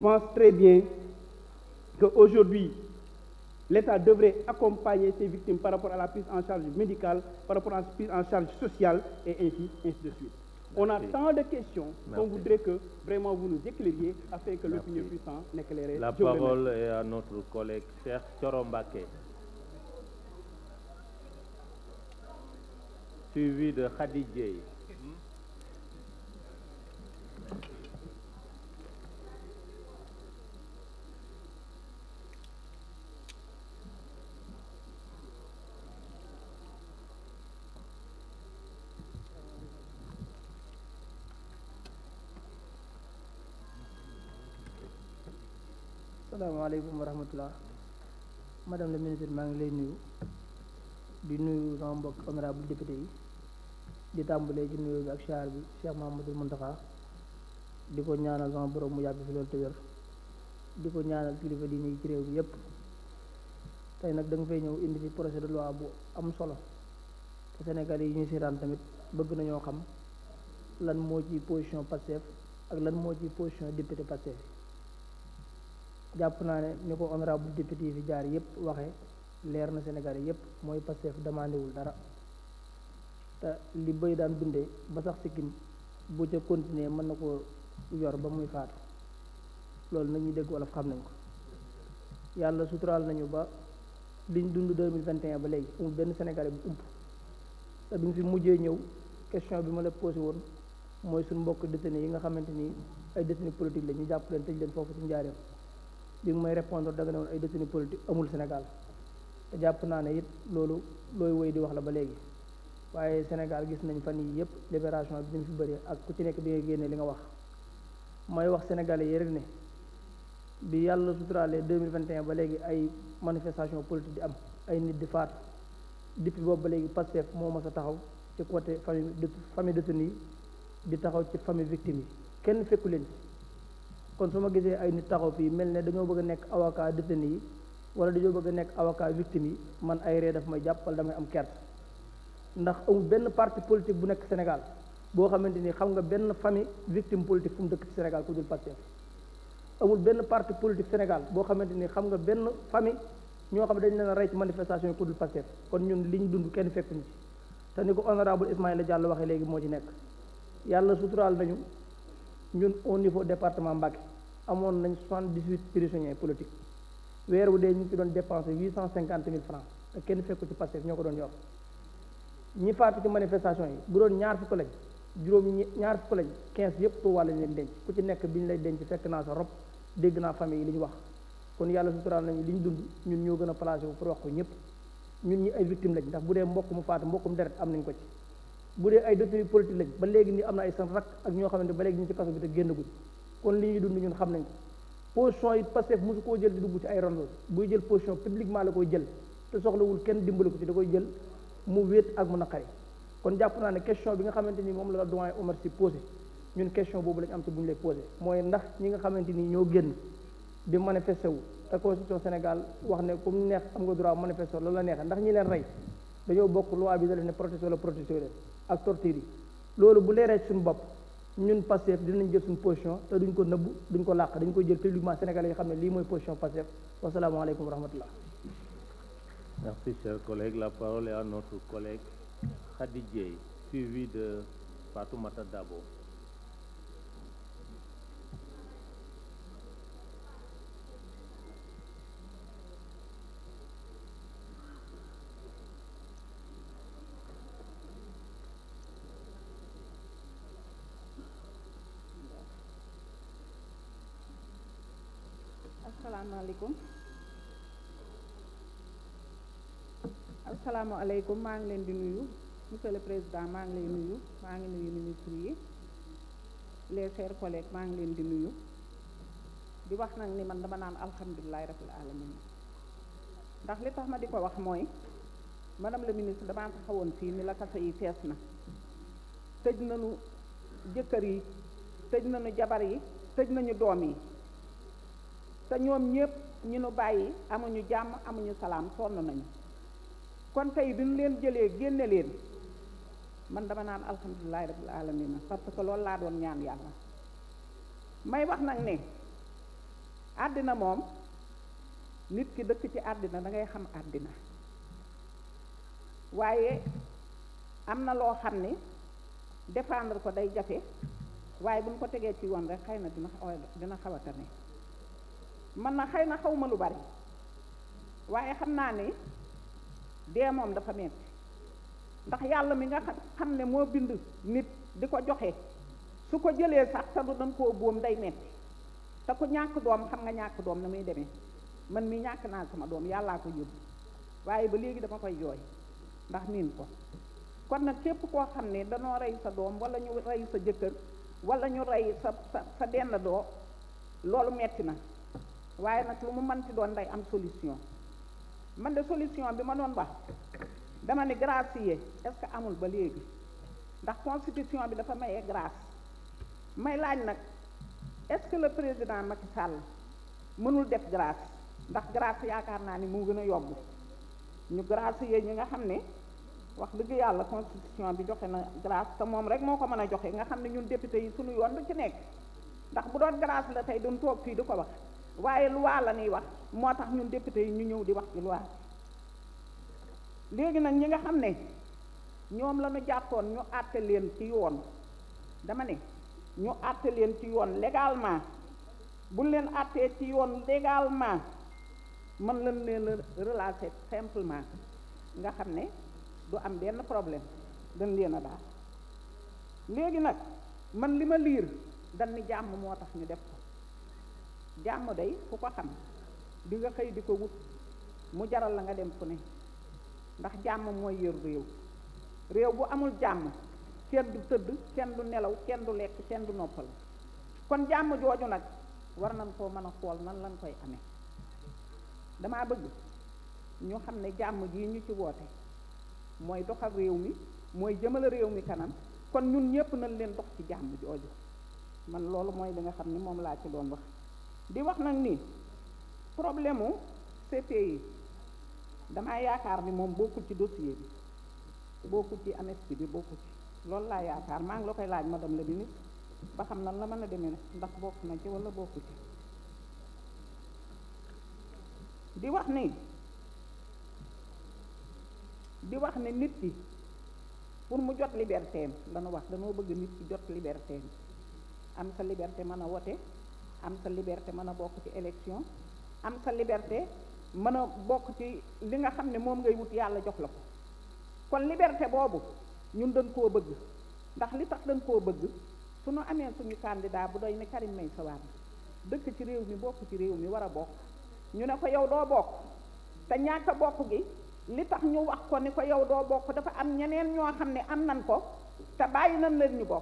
Je pense très bien qu'aujourd'hui, l'État devrait accompagner ses victimes par rapport à la prise en charge médicale, par rapport à la prise en charge sociale, et ainsi, ainsi de suite. On a tant de questions qu'on voudrait que vraiment vous nous éclairiez afin que l'opinion puisse en éclairer. La parole est à notre collègue Cheikh Chorombake. Suivi de Khadijé. salaamaaleykum wa rahmatullah madame la ministre maa ngi lay nuyu di nuyu sama mbokk honorable député yi di tàmbalee ci nuyu bi ak siyaar bi Cheikh Mahamadul Muntaxa di ko ñaanal sama borom mu yàgg fi loolu te di ko ñaanal kilifa diine yi ci réew bi yépp tey nag da nga fay ñëw indi fi projet de loi bu am solo te Sénégal yi ñuy seetaan tamit bëgg nañoo xam lan moo ci position Pastef ak lan moo ci position député Pastef jàpp naa ne ni ko honorable député yi fi jaar yépp waxee leer na Sénégal yépp mooy Pastef demandé wul dara te li bëy daan dunde ba sax sikkim bu ca continuer mën na ko yor ba muy faatu loolu nañuy dégg wolof xam nañ ko yàlla suturaal nañu ba ñu dund mille 2021 ba léegi amul benn Sénégalais bu ump te bi mu fi mujjee ñëw question bi ma la posé woon mooy suñ mbokk détenus yi nga xamante ni ay détenus politique la ñu jàpp leen tëj leen foofu ci njaareem bi nga may répondre da nga ne woon ay détenus politique amul senegal te jàpp naa ne it loolu looy woy di wax la ba léegi waaye Sénégal gis nañ fan yii yëpp libération bi ñu fi bëri ak ku ci nekk bi nga génne li nga wax mooy wax sénégalais yi rek ne bi yàlla suturaalee 2021 ba léegi ay manifestation politique di am ay nit di faat depuis boobu ba léegi Pastef moo mas a taxaw ci côté famille famille détenus yi di taxaw ci famille victime yi kenn fekku leen kon su ma gisee ay nit taxaw fii mel ne dañoo bëgg a nekk avocat détenu yi wala dañoo bëgg a nekk avocat victime yi man ay ree daf may jàppal damay am kert ndax amul benn parti politique bu nekk Sénégal boo xamante ni xam nga benn famille victime politique fu mu Sénégal ku dul Pastef amul benn parti politique Sénégal boo xamante ni xam nga benn famille ñoo xam dañ leen a rey ci manifestation yi ku dul kon ñun li ñu dund kenn fekkuñu ci te ni ko honorable la Diallo waxee léegi moo ci nekk yàlla suturaal nañu ñun au niveau département Mbacké amoon nañ soixante dix huit prisonniers politiques weer wu dee ñu ci doon dépensé huit cent cinquante mille francs te kenn fekku ci Pastef ñoo ko doon yor ñi faatu ci manifestation yi bu doon ñaar fukk lañ juróom ñaar fukk lañ quinze yëpp Tuubaa lañ leen denc ku ci nekk bi ñu lay denc fekk naa sa rob dégg naa famille yi li ñu wax kon yàlla suturaal nañu li ñu dund ñun ñoo gën a placé wu pour wax ko ñëpp ñun ñi ay victimes lañ ndax bu dee mbokk mu faatu mbokkum deret am nañ ko ci bu dee ay détenus politique lañ ba léegi nii am na ay seen rak ak ñoo xamante ba léegi ñu ci kaso bi te génnaguñ kon li ñuy dund ñun xam nañ ko position yi Pastef mosu koo jël di dugg ci ay rondo buy jël position publiquement la koy jël te soxlawul kenn dimbali ko ci da koy jël mu wéet ak mu naqari kon jàpp naa ne question bi nga xamante ni moom la la doyen Omar Sy posé ñun question boobu lañ am ci bu ñu lay posé mooy ndax ñi nga xamante ni ñoo génn di manifesté wu te constitution Sénégal wax ne comme neex am nga droit manifesté loolu la neex ndax ñi leen rey dañoo bokk loi bi da def ne protection la protection ak torture loolu bu leeree suñu bopp ñun Pastef dinañ jël suñu potion te duñ ko nëbb duñ ko làq dañ ko jël publiquement sénégalais yi xam ne lii mooy position Pastef wasalaamaaleykum wa rahmatullah merci chers collègues la parole est à notre collègue Khady Dieye suivi de Fatoumata Dabo asalaamaaleykum asalaamaaleykum maa ngi leen di nuyu monsieur le président maa ngi lay nuyu maa ngi nuyu ministre yi les chers collègues maa ngi leen di nuyu di wax nag ni man dama naan alhamdulilahi rabbil alamin ndax li tax ma di ko wax mooy madame le ministre damaa taxawoon fii ni la kasa yi fees na tëj nañu jëkkër yi tëj nañu jabar yi tëj nañu doom yi te ñoom ñëpp ñu nu bàyyi amuñu jàmm amuñu salaam sonn nañu kon tey bi leen jëlee génne leen man dama naan alhamdulilahi rabbil alamina parce que loolu laa doon ñaan yàlla may wax nag ne àddina moom nit ki dëkk ci àddina da ngay xam àddina waaye am na loo xam ne défendre ko day jafe waaye bu ñu ko tegee ci woon rek xëy na dina dina xaw a tane man na xëy na xaw ma lu bari waaye xam naa ne dee moom dafa metti ndax yàlla mi nga xam ne moo bind nit di ko joxe su ko jëlee sax te du dañ koo boom day metti te ku ñàkk doom xam nga ñàkk doom na muy demee man mi ñàkk naa sama doom yàllaa ko yóbbu waaye ba léegi dama koy yooy ndax miin ko kon nag képp koo xam ne danoo rey sa doom wala ñu rey sa jëkkër wala ñu rey sa sa sa doo loolu metti na waaye nag lu mu mënti doon day am solution man de solution bi ma doon ba dama ni gracier est-ce que amul ba léegi ndax constitution bi dafa maye grâce may laaj nag est-ce que le président Macky sàll mënul def grâce ndax grâce yaakaar naa ni mu gën a yomb ñu gracier ñi nga xam ne wax dëgg yàlla constitution bi joxe na grâce te moom rek moo ko mën a joxe nga xam ne ñun député yi suñu yoon du ci nekk ndax bu doon grâce la tey duñ toog fii di ko wax waaye loi la ñuy wax moo tax ñun député yi ñu ñëw di wax ci loi léegi nag ñi nga xam ne ñoom lañu ñu ñu àtte leen ci yoon dama ne ñu àtte leen ci yoon légalement buñ leen àttee ci yoon légalement mën lañ leen relâcher simplement nga xam ne du am benn problème dañ leen a daal léegi nag man li ma liir dañ ni jàmm moo tax ñu def jàmm dey ku ko xam di nga xëy di ko wut mu jaral la nga dem fu ne ndax jàmm mooy yor réew réew bu amul jàmm kenn du tëdd kenn du nelaw kenn du lekk kenn du noppal kon jàmm jooju nag war nañ koo mën a xool man lañ koy amee damaa bëgg ñu xam ne jàmm jii ñu ci woote mooy doxal réew mi mooy jëmale réew mi kanam kon ñun ñépp nañ leen dox ci jàmm jooju man loolu mooy li nga xam ne moom laa ci doon wax di wax nag ni problème mu CPI damay yaakaar ni moom bokkul ci dossier bi bokkul ci amnistie bi bokkul ci loolu laa yaakaar maa ngi la koy laaj madame la bi ministre ba xam nan la mën a demee ndax bokk na ci wala bokku ci di wax ni di wax ne nit ki pour mu jot liberté am dana wax danoo bëgg nit ki jot liberté am am sa liberté mën a wote am sa liberté mën a bokk ci élection am sa liberté mën a bokk ci li nga xam ne moom ngay wut yàlla jox la ko kon liberté boobu ñun dañ koo bëgg ndax li tax dañ koo bëgg nu amee suñu candidat bu doy ni Karim Meïssa Wade dëkk ci réew mi bokk ci réew mi war a bokk ñu ne ko yow doo bokk te ñàkk bokk gi li tax ñu wax ko ni ko yow doo bokk dafa am ñeneen ñoo xam ne am nan ko te bàyyi nan leen ñu bokk